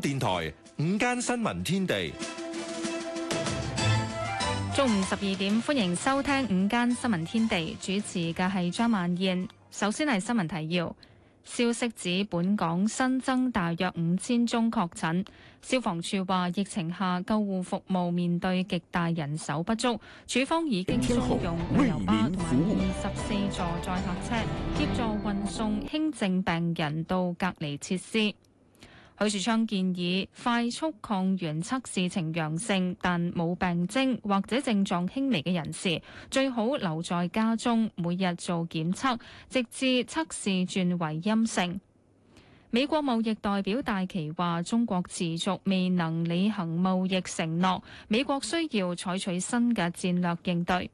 電台午間新聞天地，中午十二點，歡迎收聽午間新聞天地。主持嘅係張曼燕。首先係新聞提要，消息指本港新增大約五千宗確診。消防處話，疫情下救護服務面對極大人手不足，處方已經租用旅遊巴同二十四座載客車協助運送輕症病人到隔離設施。許樹昌建議，快速抗原測試呈陽性但冇病徵或者症狀輕微嘅人士，最好留在家中，每日做檢測，直至測試轉為陰性。美國貿易代表戴琪話，中國持續未能履行貿易承諾，美國需要採取新嘅戰略應對。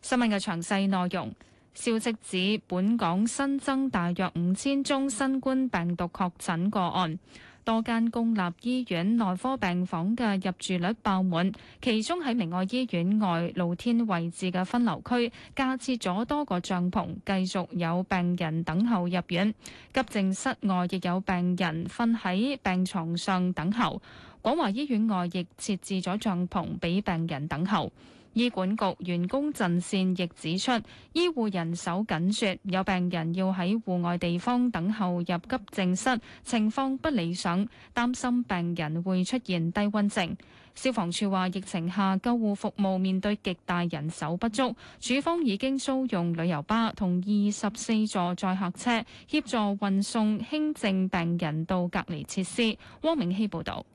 新聞嘅詳細內容。消息指，本港新增大約五千宗新冠病毒確診個案，多間公立醫院內科病房嘅入住率爆滿，其中喺明愛醫院外露天位置嘅分流區架設咗多個帳篷，繼續有病人等候入院。急症室外亦有病人瞓喺病床上等候，廣華醫院外亦設置咗帳篷俾病人等候。醫管局員工陣線亦指出，醫護人手緊絀，有病人要喺戶外地方等候入急症室，情況不理想，擔心病人會出現低溫症。消防處話，疫情下救護服務面對極大人手不足，處方已經租用旅遊巴同二十四座載客車協助運送輕症病人到隔離設施。汪明希報道。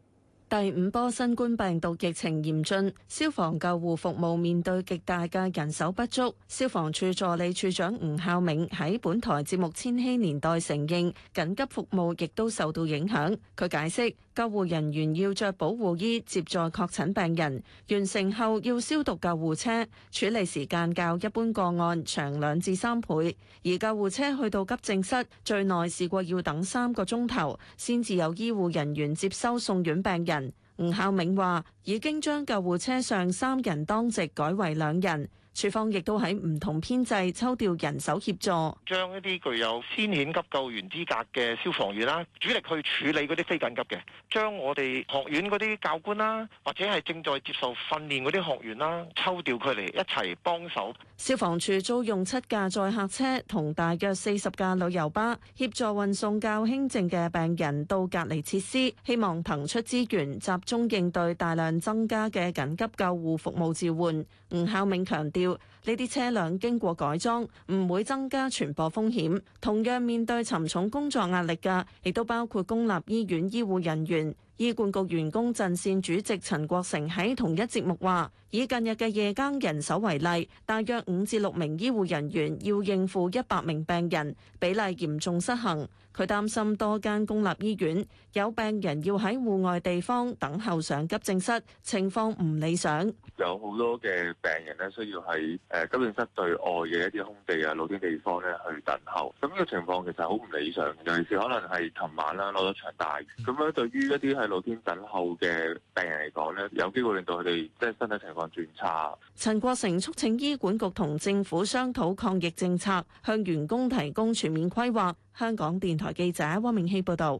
第五波新冠病毒疫情嚴峻，消防救護服務面對極大嘅人手不足。消防處助理處長吳孝明喺本台節目《千禧年代》承認，緊急服務亦都受到影響。佢解釋，救護人員要着保護衣接載確診病人，完成後要消毒救護車，處理時間較一般個案長兩至三倍。而救護車去到急症室，最耐試過要等三個鐘頭，先至有醫護人員接收送院病人。吳孝明話：已經將救護車上三人當值改為兩人。處方亦都喺唔同編制抽調人手協助，將一啲具有先遣急救員資格嘅消防員啦，主力去處理嗰啲非緊急嘅；將我哋學院嗰啲教官啦，或者係正在接受訓練嗰啲學員啦，抽調佢嚟一齊幫手。消防處租用七架載客車同大約四十架旅遊巴協助運送較輕症嘅病人到隔離設施，希望騰出資源集中應對大量增加嘅緊急救護服務召喚。吳孝銘強調。呢啲車輛經過改裝，唔會增加傳播風險。同樣面對沉重工作壓力嘅，亦都包括公立醫院醫護人員。醫管局員工陣線主席陳國成喺同一節目話，以近日嘅夜間人手為例，大約五至六名醫護人員要應付一百名病人，比例嚴重失衡。佢擔心多間公立醫院有病人要喺戶外地方等候上急症室，情況唔理想。有好多嘅病人咧，需要喺誒急症室對外嘅一啲空地啊、露天地方咧去等候。咁、這、呢個情況其實好唔理想，尤其是可能係琴晚啦落咗場大雨咁樣，對於一啲喺露天等候嘅病人嚟講咧，有機會令到佢哋即係身體情況轉差。陳國成促請醫管局同政府商討抗疫政策，向員工提供全面規劃。香港電台記者汪明希報道，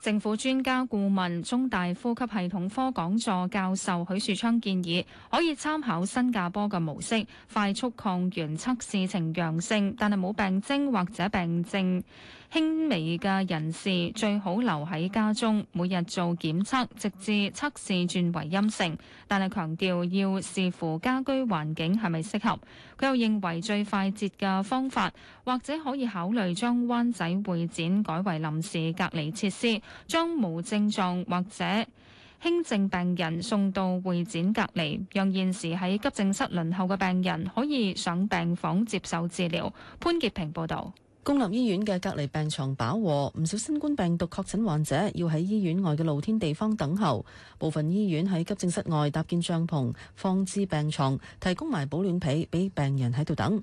政府專家顧問、中大呼吸系統科講座教授許樹昌建議，可以參考新加坡嘅模式，快速抗原測試呈陽性，但係冇病徵或者病症。輕微嘅人士最好留喺家中，每日做檢測，直至測試轉為陰性。但係強調要視乎家居環境係咪適合。佢又認為最快捷嘅方法，或者可以考慮將灣仔會展改為臨時隔離設施，將無症狀或者輕症病人送到會展隔離，讓現時喺急症室輪候嘅病人可以上病房接受治療。潘潔平報導。公立醫院嘅隔離病床飽和，唔少新冠病毒確診患者要喺醫院外嘅露天地方等候。部分醫院喺急症室外搭建帳篷，放置病床，提供埋保暖被俾病人喺度等。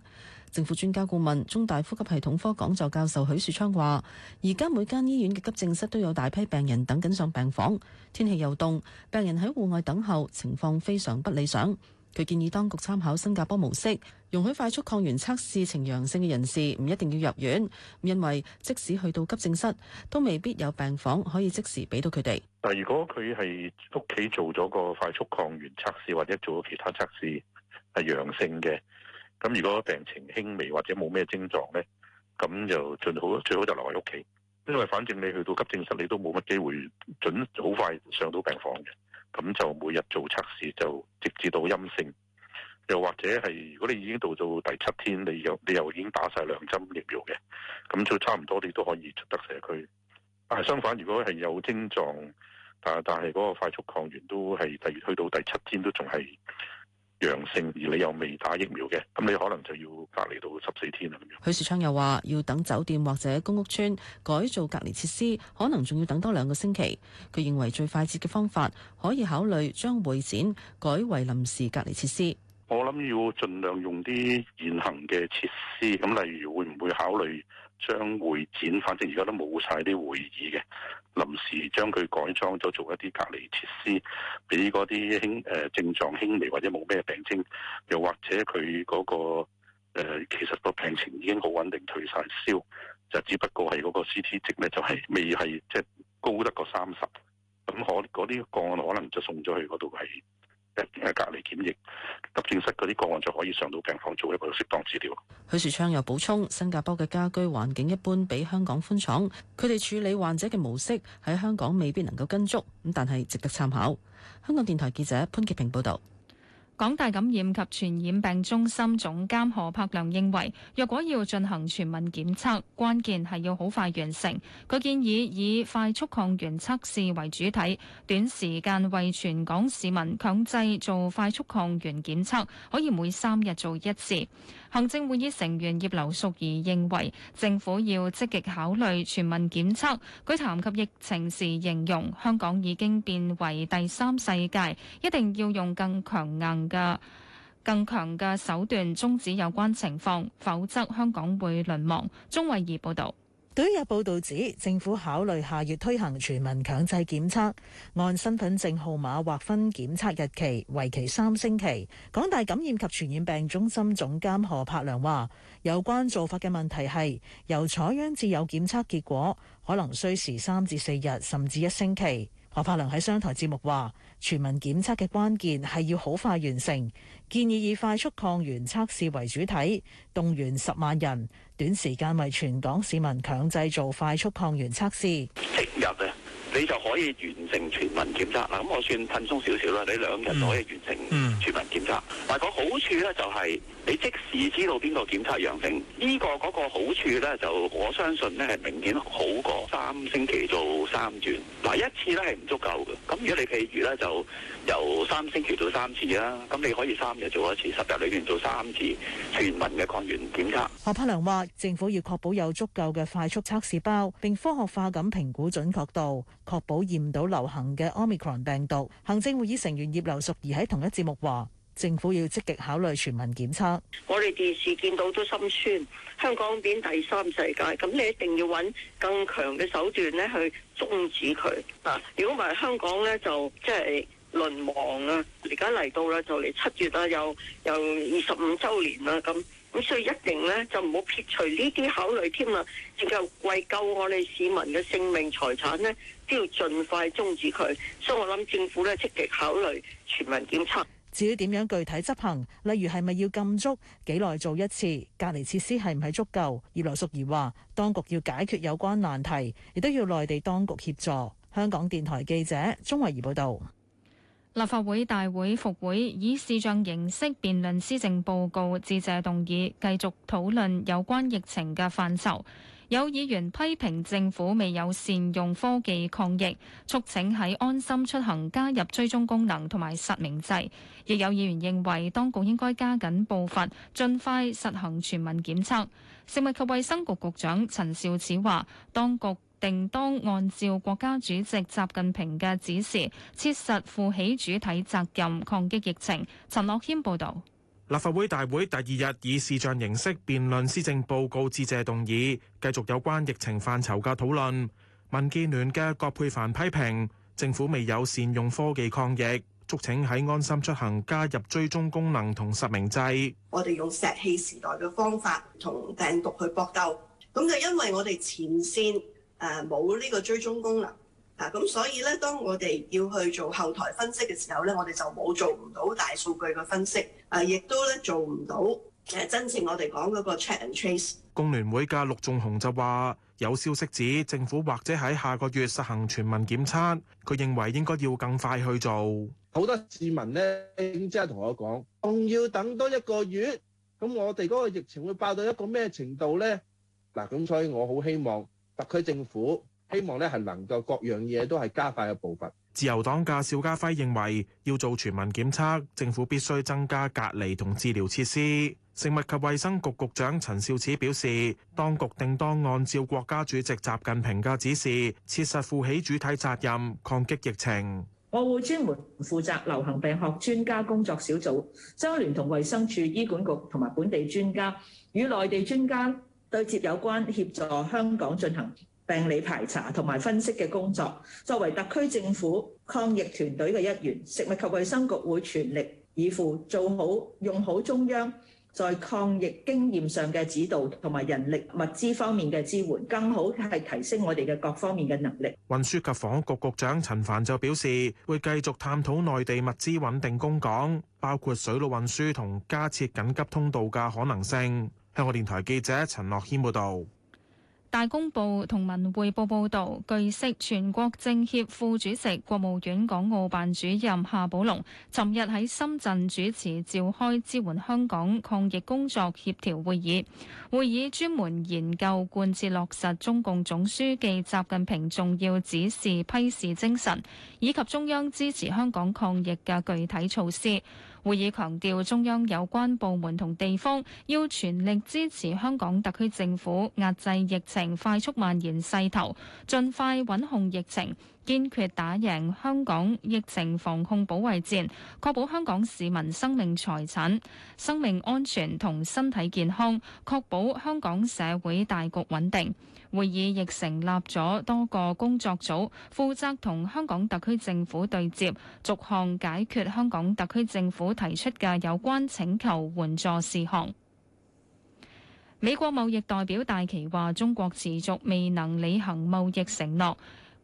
政府專家顧問、中大呼吸系統科講座教授許樹昌話，而家每間醫院嘅急症室都有大批病人等緊上病房，天氣又凍，病人喺戶外等候，情況非常不理想。佢建議當局參考新加坡模式，容許快速抗原測試呈陽性嘅人士唔一定要入院，因為即使去到急症室，都未必有病房可以即時俾到佢哋。但如果佢係屋企做咗個快速抗原測試或者做咗其他測試係陽性嘅，咁如果病情輕微或者冇咩症狀呢，咁就最好最好就留喺屋企，因為反正你去到急症室你都冇乜機會準好快上到病房嘅。咁就每日做測試，就直至到陰性，又或者係如果你已經到到第七天，你又你又已經打晒兩針疫苗嘅，咁就差唔多你都可以出得社區。但係相反，如果係有症狀，但係但係嗰個快速抗原都係去到第七天都仲係陽性而你又未打疫苗嘅，咁你可能就要隔離到十四天啊。許樹昌又話，要等酒店或者公屋村改造隔離設施，可能仲要等多兩個星期。佢認為最快捷嘅方法可以考慮將會展改為臨時隔離設施。我諗要盡量用啲現行嘅設施，咁例如會唔會考慮將會展，反正而家都冇晒啲會議嘅，臨時將佢改裝咗做一啲隔離設施，俾嗰啲輕誒症狀輕微或者冇咩病徵，又或者佢嗰、嗰個、呃、其實個病情已經好穩定，退晒燒，就只不過係嗰個 CT 值咧就係、係、未係即係高得過三十，咁可嗰啲個案可能就送咗去嗰度係。隔離檢疫，急症室嗰啲個案就可以上到病房做一個適當治療。許樹昌又補充，新加坡嘅家居環境一般比香港寬敞，佢哋處理患者嘅模式喺香港未必能夠跟足，咁但係值得參考。香港電台記者潘潔平報道。港大感染及傳染病中心總監何柏良認為，若果要進行全民檢測，關鍵係要好快完成。佢建議以快速抗原測試為主體，短時間為全港市民強制做快速抗原檢測，可以每三日做一次。行政會議成員葉劉淑儀認為，政府要積極考慮全民檢測。佢談及疫情時形容香港已經變為第三世界，一定要用更強硬的嘅更強嘅手段終止有關情況，否則香港會淪亡。鍾慧儀報道。對於有報道指政府考慮下月推行全民強制檢測，按身份證號碼劃分檢測日期，為期三星期。港大感染及傳染病中心總監何柏良話，有關做法嘅問題，係由採樣至有檢測結果，可能需時三至四日，甚至一星期。何柏良喺商台節目話：全民檢測嘅關鍵係要好快完成，建議以快速抗原測試為主體，動員十萬人，短時間為全港市民強制做快速抗原測試。你就可以完成全民檢測，嗱，咁我算笨鬆少少啦。你兩日就可以完成全民檢測，嗱、嗯、個好處咧就係你即使知道邊個檢測陽性，呢、這個嗰個好處咧就我相信咧係明顯好過三星期做三轉嗱，一次咧係唔足夠嘅。咁如果你譬如咧就由三星期做三次啦，咁你可以三日做一次，十日裏邊做三次全民嘅抗原檢測，何柏良話政府要確保有足夠嘅快速測試包，並科學化咁評估準確度。確保驗到流行嘅 Omicron 病毒，行政會議成員葉劉淑儀喺同一節目話：政府要積極考慮全民檢測。我哋電視見到都心酸，香港變第三世界，咁你一定要揾更強嘅手段咧去終止佢啊！如果唔係香港咧就即係、就是、淪亡啊！而家嚟到啦，就嚟七月啦，又又二十五週年啦，咁咁所以一定咧就唔好撇除呢啲考慮添啦，淨係為救我哋市民嘅性命財產咧。都要盡快終止佢，所以我諗政府咧，積極考慮全民檢測。至於點樣具體執行，例如係咪要禁足，幾耐做一次，隔離設施係唔係足夠？葉劉淑儀話：當局要解決有關難題，亦都要內地當局協助。香港電台記者鍾慧儀報道。立法會大會復會以視像形式辯論施政報告，致謝動議，繼續討論有關疫情嘅範疇。有議員批評政府未有善用科技抗疫，促請喺安心出行加入追蹤功能同埋實名制。亦有議員認為當局應該加緊步伐，盡快實行全民檢測。食物及衛生局局長陳肇始話，當局定當按照國家主席習近平嘅指示，切實負起主體責任，抗擊疫情。陳樂謙報道。立法會大會，第二日以視像形式辯論施政報告致謝動議，繼續有關疫情範疇嘅討論。民建聯嘅葛珮帆批評政府未有善用科技抗疫，促請喺安心出行加入追蹤功能同實名制。我哋用石器時代嘅方法同病毒去搏鬥，咁就因為我哋前線誒冇呢個追蹤功能。咁所以咧，當我哋要去做後台分析嘅時候咧，我哋就冇做唔到大數據嘅分析，啊，亦都咧做唔到誒真正我哋講嗰個 check and trace。工聯會嘅陸頌雄就話：有消息指政府或者喺下個月實行全民檢測，佢認為應該要更快去做。好多市民咧，即係同我講，仲要等多一個月，咁我哋嗰個疫情會爆到一個咩程度咧？嗱，咁所以我好希望特區政府。希望咧係能夠各樣嘢都係加快嘅步伐。自由黨嘅邵家輝認為要做全民檢測，政府必須增加隔離同治療設施。食物及衛生局局長陳肇始表示，當局定當按照國家主席習近平嘅指示，切實負起主體責任，抗擊疫情。我會專門負責流行病學專家工作小組，將聯同衛生署、醫管局同埋本地專家，與內地專家對接有關協助香港進行。病理排查同埋分析嘅工作，作為特區政府抗疫團隊嘅一員，食物及衛生局會全力以赴做好用好中央在抗疫經驗上嘅指導同埋人力物資方面嘅支援，更好係提升我哋嘅各方面嘅能力。運輸及房屋局局長陳帆就表示，會繼續探討內地物資穩定供港，包括水路運輸同加設緊急通道嘅可能性。香港電台記者陳樂謙報導。大公報同文匯報報導，據悉，全國政協副主席、國務院港澳辦主任夏寶龍尋日喺深圳主持召開支援香港抗疫工作協調會議，會議專門研究貫徹落實中共總書記習近平重要指示批示精神，以及中央支持香港抗疫嘅具體措施。會議強調，中央有關部門同地方要全力支持香港特區政府壓制疫情快速蔓延勢頭，盡快穩控疫情。堅決打贏香港疫情防控保衛戰，確保香港市民生命財產、生命安全同身體健康，確保香港社會大局穩定。會議亦成立咗多個工作組，負責同香港特區政府對接，逐項解決香港特區政府提出嘅有關請求援助事項。美國貿易代表戴琪話：中國持續未能履行貿易承諾。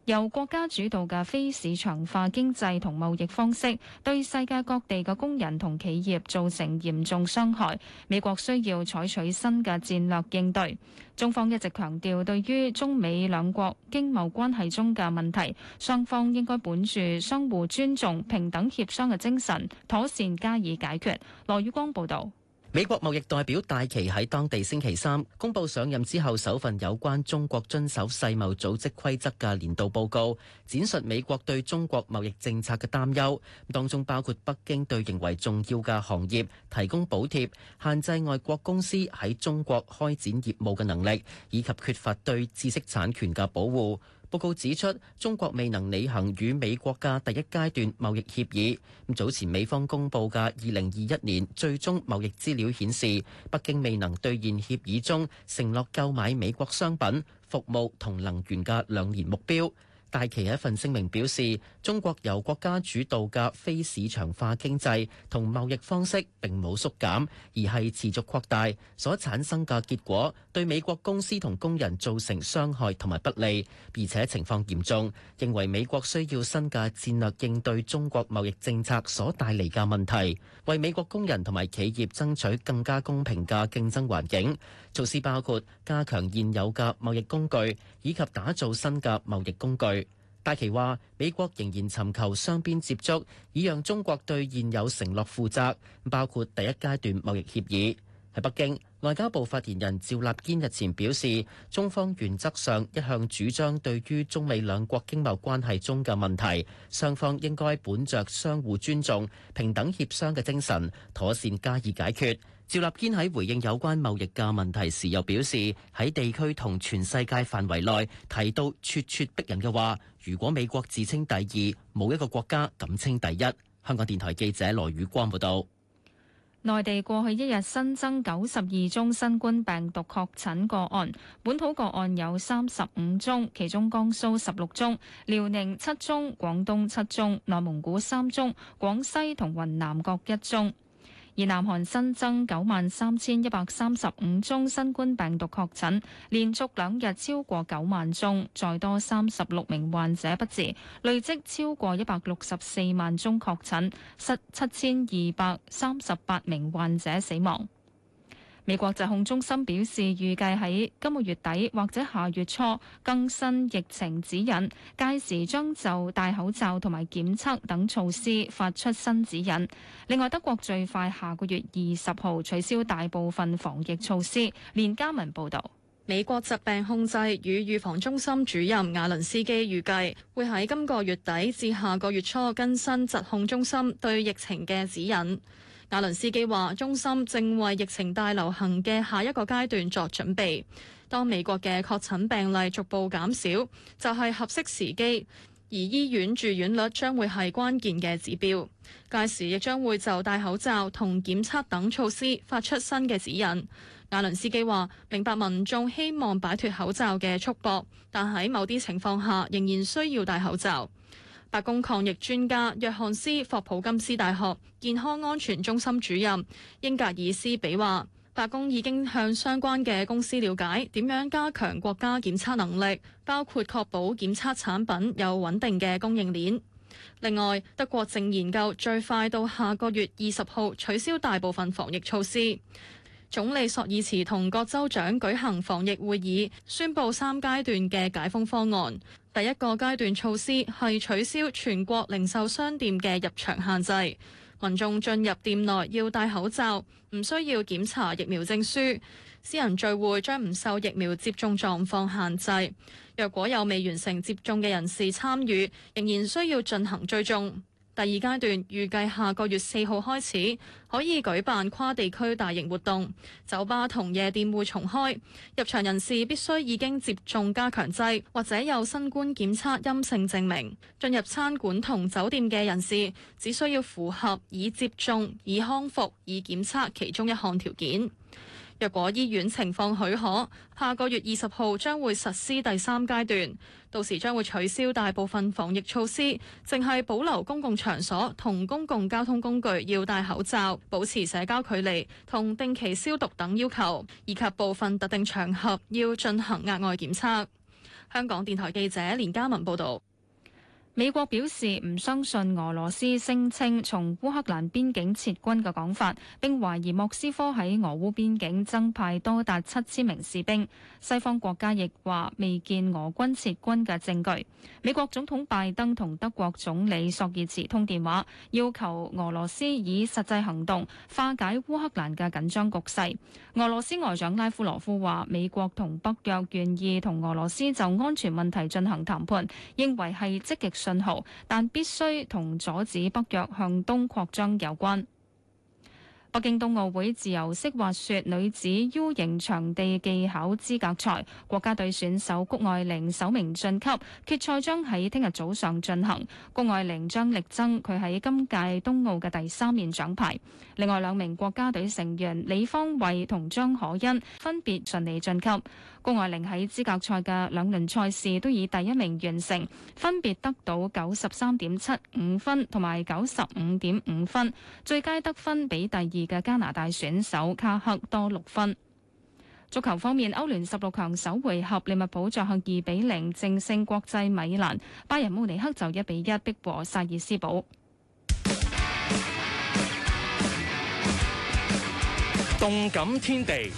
由國家主導嘅非市場化經濟同貿易方式，對世界各地嘅工人同企業造成嚴重傷害。美國需要採取新嘅戰略應對。中方一直強調，對於中美兩國經貿關係中嘅問題，雙方應該本住相互尊重、平等協商嘅精神，妥善加以解決。羅宇光報道。美國貿易代表戴琪喺當地星期三公布上任之後首份有關中國遵守世貿組織規則嘅年度報告，展述美國對中國貿易政策嘅擔憂，當中包括北京對認為重要嘅行業提供補貼、限制外國公司喺中國開展業務嘅能力，以及缺乏對知識產權嘅保護。報告指出，中國未能履行與美國嘅第一階段貿易協議。早前美方公布嘅二零二一年最終貿易資料顯示，北京未能兌現協議中承諾購買美國商品、服務同能源嘅兩年目標。戴琪一份聲明表示，中國由國家主導嘅非市場化經濟同貿易方式並冇縮減，而係持續擴大，所產生嘅結果對美國公司同工人造成傷害同埋不利，而且情況嚴重。認為美國需要新嘅戰略應對中國貿易政策所帶嚟嘅問題，為美國工人同埋企業爭取更加公平嘅競爭環境。措施包括加強現有嘅貿易工具，以及打造新嘅貿易工具。戴琪話：美國仍然尋求雙邊接觸，以讓中國對現有承諾負責，包括第一階段貿易協議。喺北京，外交部發言人趙立堅日前表示，中方原則上一向主張，對於中美兩國經貿關係中嘅問題，雙方應該本着相互尊重、平等協商嘅精神，妥善加以解決。趙立堅喺回應有關貿易嘅問題時，又表示喺地區同全世界範圍內提到咄咄逼人嘅話。如果美國自稱第二，冇一個國家敢稱第一。香港電台記者羅宇光報道，內地過去一日新增九十二宗新冠病毒確診個案，本土個案有三十五宗，其中江蘇十六宗、遼寧七宗、廣東七宗、內蒙古三宗、廣西同雲南各一宗。而南韓新增九萬三千一百三十五宗新冠病毒確診，連續兩日超過九萬宗，再多三十六名患者不治，累積超過一百六十四萬宗確診，失七千二百三十八名患者死亡。美國疾控中心表示，預計喺今個月底或者下月初更新疫情指引，屆時將就戴口罩同埋檢測等措施發出新指引。另外，德國最快下個月二十號取消大部分防疫措施。連嘉文報導，美國疾病控制與預防中心主任瓦倫斯基預計會喺今個月底至下個月初更新疾控中心對疫情嘅指引。亞倫斯基話中心正為疫情大流行嘅下一個階段作準備。當美國嘅確診病例逐步減少，就係、是、合適時機，而醫院住院率將會係關鍵嘅指標，屆時亦將會就戴口罩同檢測等措施發出新嘅指引。亞倫斯基話明白民眾希望擺脫口罩嘅束縛，但喺某啲情況下仍然需要戴口罩。白宮抗疫專家約翰斯霍普金斯大學健康安全中心主任英格爾斯比話，白宮已經向相關嘅公司了解點樣加強國家檢測能力，包括確保檢測產品有穩定嘅供應鏈。另外，德國正研究最快到下個月二十號取消大部分防疫措施。總理索爾茨同各州長舉行防疫會議，宣布三階段嘅解封方案。第一個階段措施係取消全國零售商店嘅入場限制，民眾進入店內要戴口罩，唔需要檢查疫苗證書。私人聚會將唔受疫苗接種狀況限制，若果有未完成接種嘅人士參與，仍然需要進行追蹤。第二階段預計下個月四號開始，可以舉辦跨地區大型活動，酒吧同夜店會重開，入場人士必須已經接種加強劑或者有新冠檢測陰性證明。進入餐館同酒店嘅人士只需要符合已接種、已康復、已檢測其中一項條件。若果醫院情況許可，下個月二十號將會實施第三階段，到時將會取消大部分防疫措施，淨係保留公共場所同公共交通工具要戴口罩、保持社交距離同定期消毒等要求，以及部分特定場合要進行額外檢測。香港電台記者連嘉文報道。美國表示唔相信俄羅斯聲稱從烏克蘭邊境撤軍嘅講法，並懷疑莫斯科喺俄烏邊境增派多達七千名士兵。西方國家亦話未見俄軍撤軍嘅證據。美國總統拜登同德國總理索爾茨通電話，要求俄羅斯以實際行動化解烏克蘭嘅緊張局勢。俄羅斯外長拉夫羅夫話，美國同北約願意同俄羅斯就安全問題進行談判，認為係積極信號，但必須同阻止北約向東擴張有關。北京冬奧會自由式滑雪女子 U 型場地技巧資格賽，國家隊選手谷愛凌首名晉級，決賽將喺聽日早上進行。谷愛凌將力爭佢喺今屆冬奧嘅第三面獎牌。另外兩名國家隊成員李方慧同張可欣分別順利晉級。郭艾玲喺資格賽嘅兩輪賽事都以第一名完成，分別得到九十三點七五分同埋九十五點五分，最佳得分比第二嘅加拿大選手卡克多六分。足球方面，歐聯十六強首回合利物浦作客二比零淨勝國際米蘭，拜仁慕尼黑就一比一逼和薩爾斯堡。動感天地。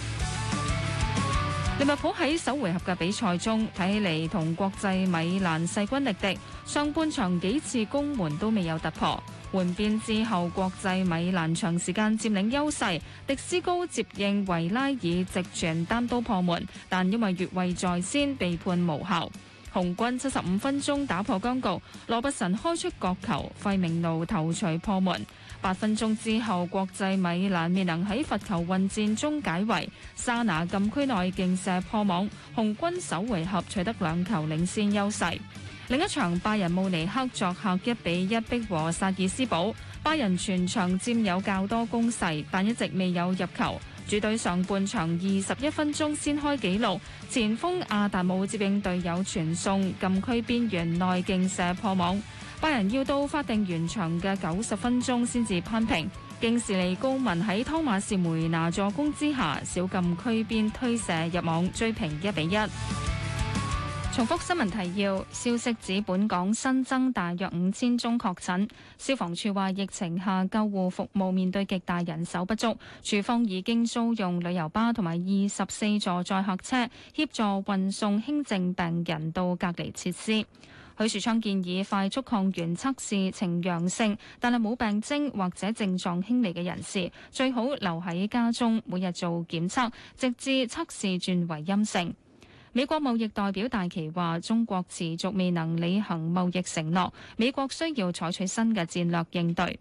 利物浦喺首回合嘅比賽中，睇起嚟同國際米蘭勢均力敵。上半場幾次攻門都未有突破，換邊之後，國際米蘭長時間佔領優勢。迪斯高接應維拉爾直傳單刀破門，但因為越位在先被判無效。紅軍七十五分鐘打破僵局，羅伯臣開出角球，費明路頭槌破門。八分鐘之後，國際米蘭未能喺罰球混戰中解圍，沙拿禁區內勁射破網，紅軍首回合取得兩球領先優勢。另一場拜仁慕尼黑作客一比一逼和薩爾斯堡，拜仁全場佔有較多攻勢，但一直未有入球。主隊上半場二十一分鐘先開紀錄，前鋒阿達姆接應隊友傳送，禁區邊緣內勁射破網。拜仁要到法定完場嘅九十分鐘先至攀平，敬士利高文喺湯馬士梅拿助攻之下，小禁區邊推射入網追平一比一。重複新聞提要：消息指本港新增大約五千宗確診。消防處話，疫情下救護服務面對極大人手不足，處方已經租用旅遊巴同埋二十四座載客車協助運送輕症病人到隔離設施。許樹昌建議快速抗原測試呈陽性但係冇病徵或者症狀輕微嘅人士，最好留喺家中，每日做檢測，直至測試轉為陰性。美國貿易代表戴琪話：中國持續未能履行貿易承諾，美國需要採取新嘅戰略應對。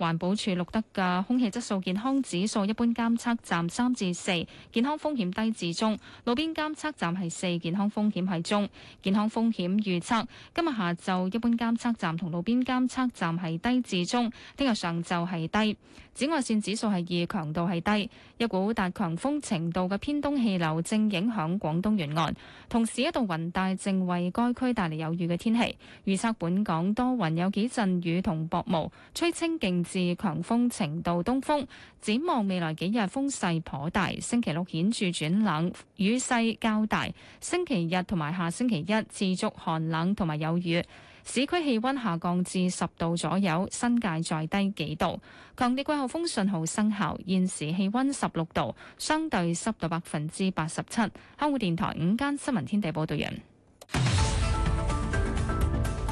環保署錄得嘅空氣質素健康指數一般監測站三至四，健康風險低至中；路邊監測站係四，健康風險係中。健康風險預測今日下晝一般監測站同路邊監測站係低至中，聽日上晝係低。紫外線指數係二，強度係低。一股達強風程度嘅偏東氣流正影響廣東沿岸，同時一道雲帶正為該區帶嚟有雨嘅天氣。預測本港多雲，有幾陣雨同薄霧，吹清勁。至強風程度，東風，展望未來幾日風勢頗大。星期六顯著轉冷，雨勢較大。星期日同埋下星期一持續寒冷同埋有雨，市區氣溫下降至十度左右，新界再低幾度。強烈季候風信號生效，現時氣溫十六度，相對濕度百分之八十七。香港電台午間新聞天地報道人，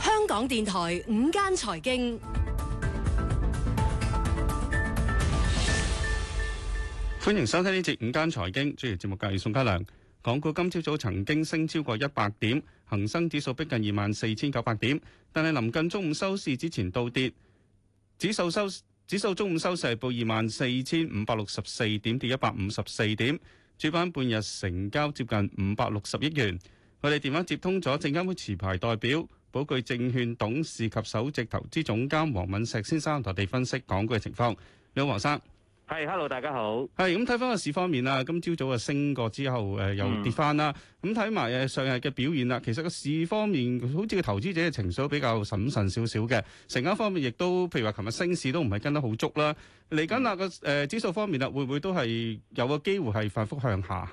香港電台午間財經。歡迎收聽呢節午間財經，主持節目嘅係宋嘉良。港股今朝早曾經升超過一百點，恒生指數逼近二萬四千九百點，但係臨近中午收市之前倒跌，指數收指數中午收市報二萬四千五百六十四點，跌一百五十四點。主板半日成交接近五百六十億元。我哋電話接通咗證監會持牌代表寶钜證券董事及首席投資總監黃敏石先生，同我哋分析港股嘅情況。你好，黃生。係、hey,，hello，大家好。係，咁睇翻個市方面啦，今朝早啊升過之後，誒又跌翻啦。咁睇埋誒上日嘅表現啦，其實個市方面，好似個投資者嘅情緒都比較審慎少少嘅。成交方面亦都，譬如話琴日升市都唔係跟得好足啦。嚟緊啊個誒指數方面啦，會唔會都係有個機會係反覆向下？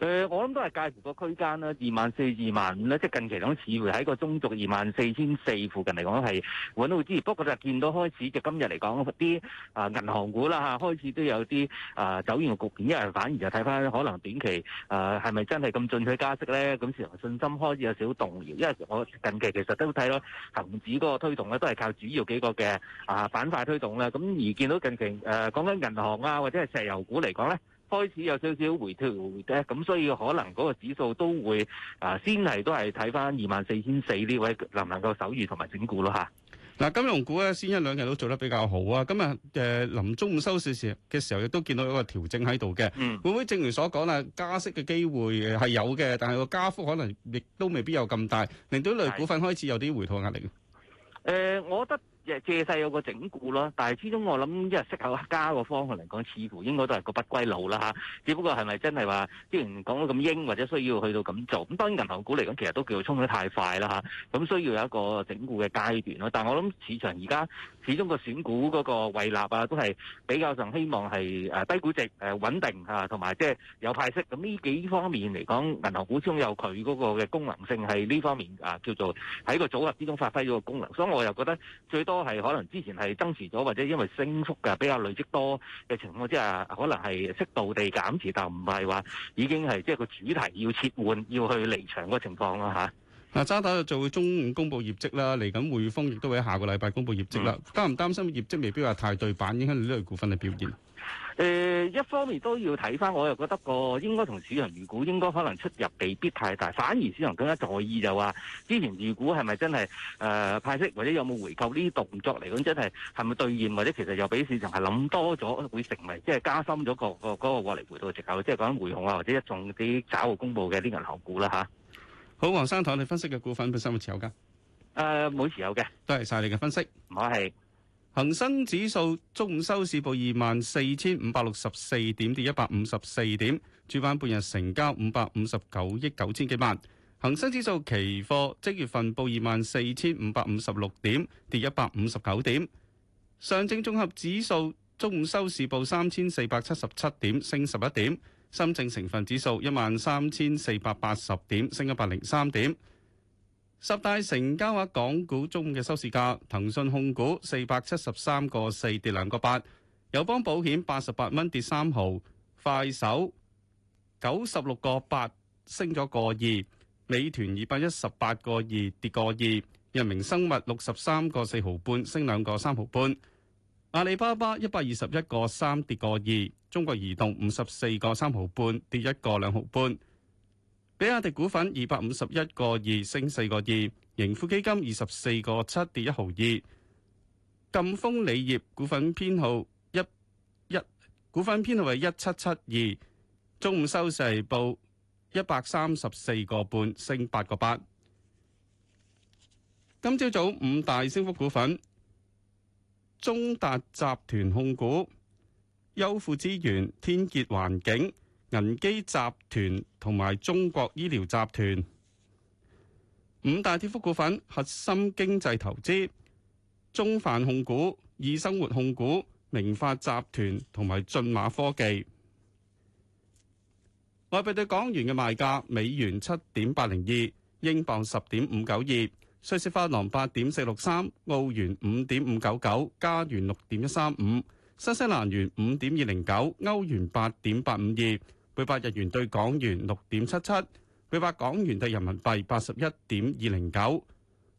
誒，我諗都係介乎個區間啦，二萬四、二萬五咧，即係近期講似乎喺個中軸二萬四千四附近嚟講係穩到啲。不過就見到開始，就今日嚟講啲啊銀行股啦嚇，開始都有啲啊走完個局面，因為反而就睇翻可能短期啊係咪真係咁進取加息咧？咁市場信心開始有少少動搖，因為我近期其實都睇到恆指嗰個推動咧都係靠主要幾個嘅啊板塊推動啦。咁而見到近期誒講緊銀行啊或者係石油股嚟講咧。開始有少少回吐回跌，咁所以可能嗰個指數都會啊，先係都係睇翻二萬四千四呢位能唔能夠守住同埋整固咯吓。嗱，金融股咧先一兩日都做得比較好啊，咁啊誒，臨中午收市時嘅時候亦都見到一個調整喺度嘅。會唔會正如所講啦，加息嘅機會係有嘅，但係個加幅可能亦都未必有咁大，令到類股份開始有啲回吐壓力。誒，我覺得。借勢有個整固咯，但係始終我諗即係適合加個方向嚟講，似乎應該都係個不歸路啦嚇。只不過係咪真係話之前講到咁英，或者需要去到咁做？咁當然銀行股嚟講，其實都叫做衝得太快啦嚇。咁需要有一個整固嘅階段咯。但係我諗市場而家始終個選股嗰個位立啊，都係比較上希望係誒低估值誒穩定嚇，同埋即係有派息。咁呢幾方面嚟講，銀行股始終有佢嗰個嘅功能性係呢方面啊，叫做喺個組合之中發揮咗個功能。所以我又覺得最多。都係可能之前係增持咗，或者因為升幅嘅比較累積多嘅情況之下，可能係適度地減持，但唔係話已經係即係個主題要切換，要去離場嗰個情況咯嚇。嗱、嗯，渣打就會中午公佈業績啦，嚟緊匯豐亦都會喺下個禮拜公佈業績啦。擔唔擔心業績未必話太對版，影響你呢類股份嘅表現？誒、呃、一方面都要睇翻，我又覺得個應該同市場預估應該可能出入未必，必太大，反而市場更加在意就話之前預估係咪真係誒、呃、派息或者有冇回購呢啲動作嚟講，真係係咪兌現或者其實又俾市場係諗多咗，會成為即係加深咗個個嗰個獲利回吐嘅藉口，即係講緊匯控啊，或者一眾啲稍後公布嘅啲銀行股啦、啊、嚇。好，黃生同你分析嘅股份，邊三位持有嘅？誒、呃，冇持有嘅。多謝晒你嘅分析，唔好係。恒生指數中午收市報二萬四千五百六十四點，跌一百五十四點。主板半日成交五百五十九億九千幾萬。恒生指數期貨即月份報二萬四千五百五十六點，跌一百五十九點。上證綜合指數中午收市報三千四百七十七點，升十一點。深證成分指數一萬三千四百八十點，升一百零三點。十大成交額港股中午嘅收市價，騰訊控股四百七十三個四跌兩個八，友邦保險八十八蚊跌三毫，快手九十六個八升咗個二，美團二百一十八個二跌個二，人民生物六十三個四毫半升兩個三毫半，阿里巴巴一百二十一個三跌個二，中國移動五十四個三毫半跌一個兩毫半。比亞迪股份二百五十一個二升四個二，盈富基金二十四個七跌一毫二，贛鋒鋰業股份編號一一，股份編號係一七七二，中午收市報一百三十四個半升八個八。今朝早午五大升幅股份：中達集團控股、優富資源、天杰環境。銀基集團同埋中國醫療集團。五大跌幅股份核心經濟投資、中泛控股、易生活控股、明發集團同埋駿馬科技。外幣對港元嘅賣價：美元七點八零二，英鎊十點五九二，瑞士法郎八點四六三，澳元五點五九九，加元六點一三五，新西蘭元五點二零九，歐元八點八五二。每百日元兌港元六點七七，每百港元兌人民幣八十一點二零九。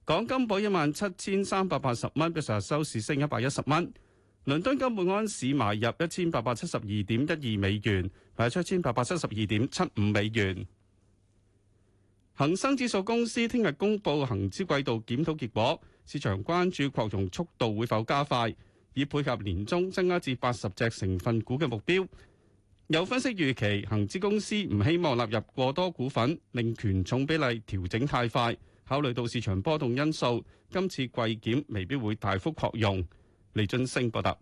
港金報一萬七千三百八十蚊，比上日收市升一百一十蚊。倫敦金每安市買入一千八百七十二點一二美元，賣出一千八百七十二點七五美元。恒生指數公司聽日公布恒指季度檢討結果，市場關注擴容速度會否加快，以配合年中增加至八十隻成份股嘅目標。有分析預期，恒指公司唔希望納入過多股份，令權重比例調整太快。考慮到市場波動因素，今次季檢未必會大幅擴容。李俊升報道。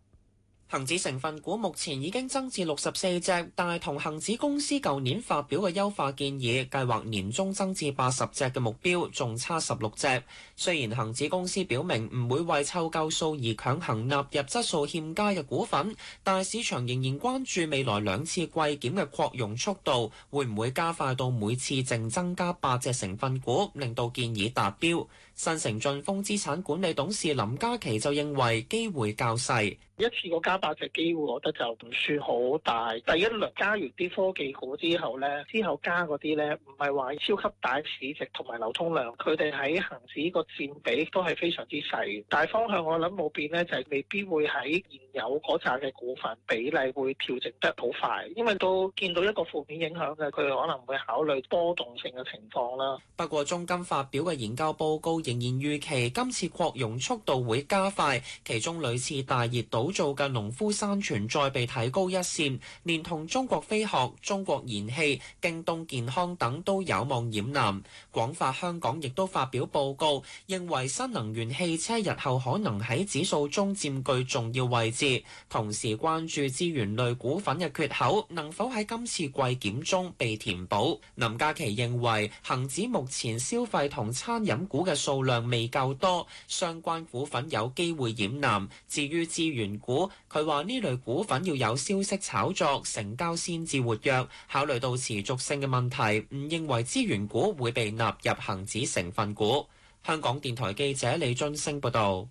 恒指成分股目前已經增至六十四隻，但係同恒指公司舊年發表嘅優化建議，計劃年中增至八十隻嘅目標，仲差十六隻。雖然恒指公司表明唔會為湊夠數而強行納入質素欠佳嘅股份，但係市場仍然關注未來兩次季檢嘅擴容速度，會唔會加快到每次淨增加八隻成分股，令到建議達標。新城駿豐資產管理董事林嘉琪就認為機會較細，一次過加百隻機會，我覺得就唔算好大。第一輪加完啲科技股之後咧，之後加嗰啲咧，唔係話超級大市值同埋流通量，佢哋喺恆指個佔比都係非常之細。大方向我諗冇變咧，就係未必會喺現有嗰扎嘅股份比例會調整得好快，因為都見到一個負面影響嘅，佢可能會考慮波動性嘅情況啦。不過中金發表嘅研究報告。仍然預期今次擴容速度會加快，其中屢次大熱倒灶嘅農夫山泉再被提高一線，連同中國飛鶴、中國燃氣、京東健康等都有望染藍。廣發香港亦都發表報告，認為新能源汽車日後可能喺指數中佔據重要位置，同時關注資源類股份嘅缺口能否喺今次季檢中被填補。林嘉琪認為，恆指目前消費同餐飲股嘅數量未夠多，相關股份有機會染藍。至於資源股，佢話呢類股份要有消息炒作，成交先至活躍。考慮到持續性嘅問題，唔認為資源股會被納入恆指成分股。香港電台記者李津升報道，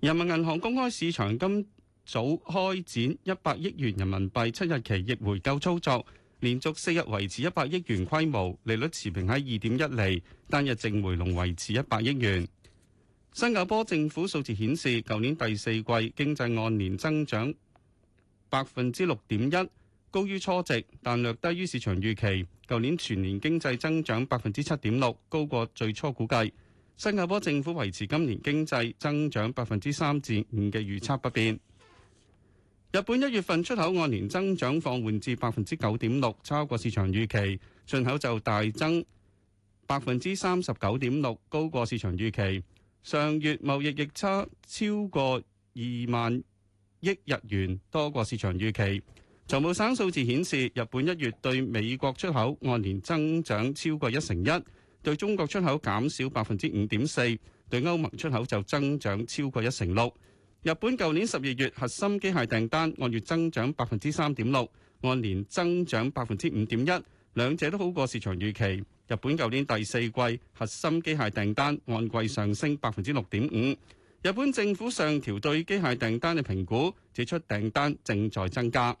人民銀行公開市場今早開展一百億元人民幣七日期逆回購操作。連續四日維持一百億元規模，利率持平喺二點一釐，單日淨回籠維持一百億元。新加坡政府數字顯示，舊年第四季經濟按年增長百分之六點一，高於初值，但略低於市場預期。舊年全年經濟增長百分之七點六，高過最初估計。新加坡政府維持今年經濟增長百分之三至五嘅預測不變。日本一月份出口按年增長放緩至百分之九點六，超過市場預期；進口就大增百分之三十九點六，高過市場預期。上月貿易逆差超過二萬億日元，多過市場預期。財務省數字顯示，日本一月對美國出口按年增長超過一成一，對中國出口減少百分之五點四，對歐盟出口就增長超過一成六。日本舊年十二月核心機械訂單按月增長百分之三點六，按年增長百分之五點一，兩者都好過市場預期。日本舊年第四季核心機械訂單按季上升百分之六點五。日本政府上調對機械訂單嘅評估，指出訂單正在增加。